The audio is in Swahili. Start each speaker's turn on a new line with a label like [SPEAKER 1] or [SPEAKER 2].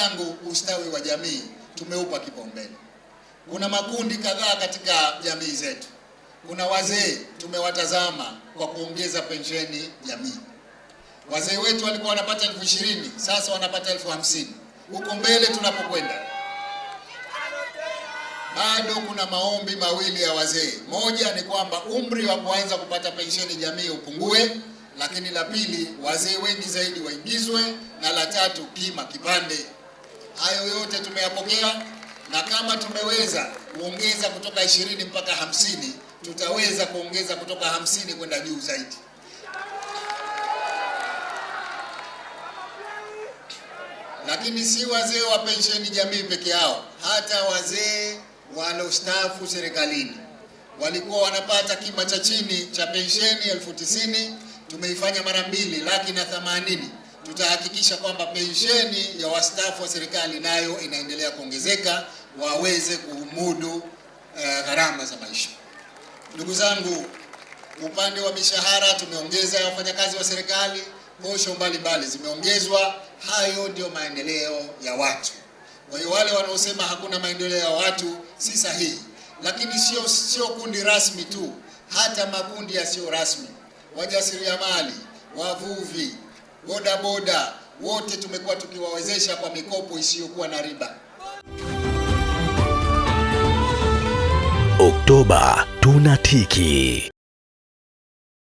[SPEAKER 1] zangu, ustawi wa jamii tumeupa kipaumbele. Kuna makundi kadhaa katika jamii zetu. Kuna wazee tumewatazama kwa kuongeza pensheni jamii. Wazee wetu walikuwa wanapata elfu ishirini sasa wanapata elfu hamsini Huko mbele tunapokwenda, bado kuna maombi mawili ya wazee. Moja ni kwamba umri wa kuanza kupata pensheni jamii upungue, lakini la pili, wazee wengi zaidi waingizwe, na la tatu, kima kipande Hayo yote tumeyapokea, na kama tumeweza kuongeza kutoka ishirini mpaka hamsini tutaweza kuongeza kutoka hamsini kwenda juu zaidi. Lakini si wazee wa pensheni jamii peke yao, hata wazee walostafu serikalini walikuwa wanapata kima cha chini cha pensheni elfu tisini tumeifanya mara mbili, laki na themanini tutahakikisha kwamba pensheni ya wastaafu wa serikali nayo inaendelea kuongezeka waweze kuumudu eh, gharama uh, za maisha. Ndugu zangu, upande wa mishahara tumeongeza wafanyakazi wa serikali, posho mbalimbali zimeongezwa. Hayo ndio maendeleo ya watu. Kwa hiyo wale wanaosema hakuna maendeleo ya watu si sahihi, lakini sio sio kundi rasmi tu, hata makundi yasiyo rasmi, wajasiriamali, wavuvi bodaboda wote tumekuwa tukiwawezesha kwa mikopo isiyokuwa na riba. Oktoba tunatiki.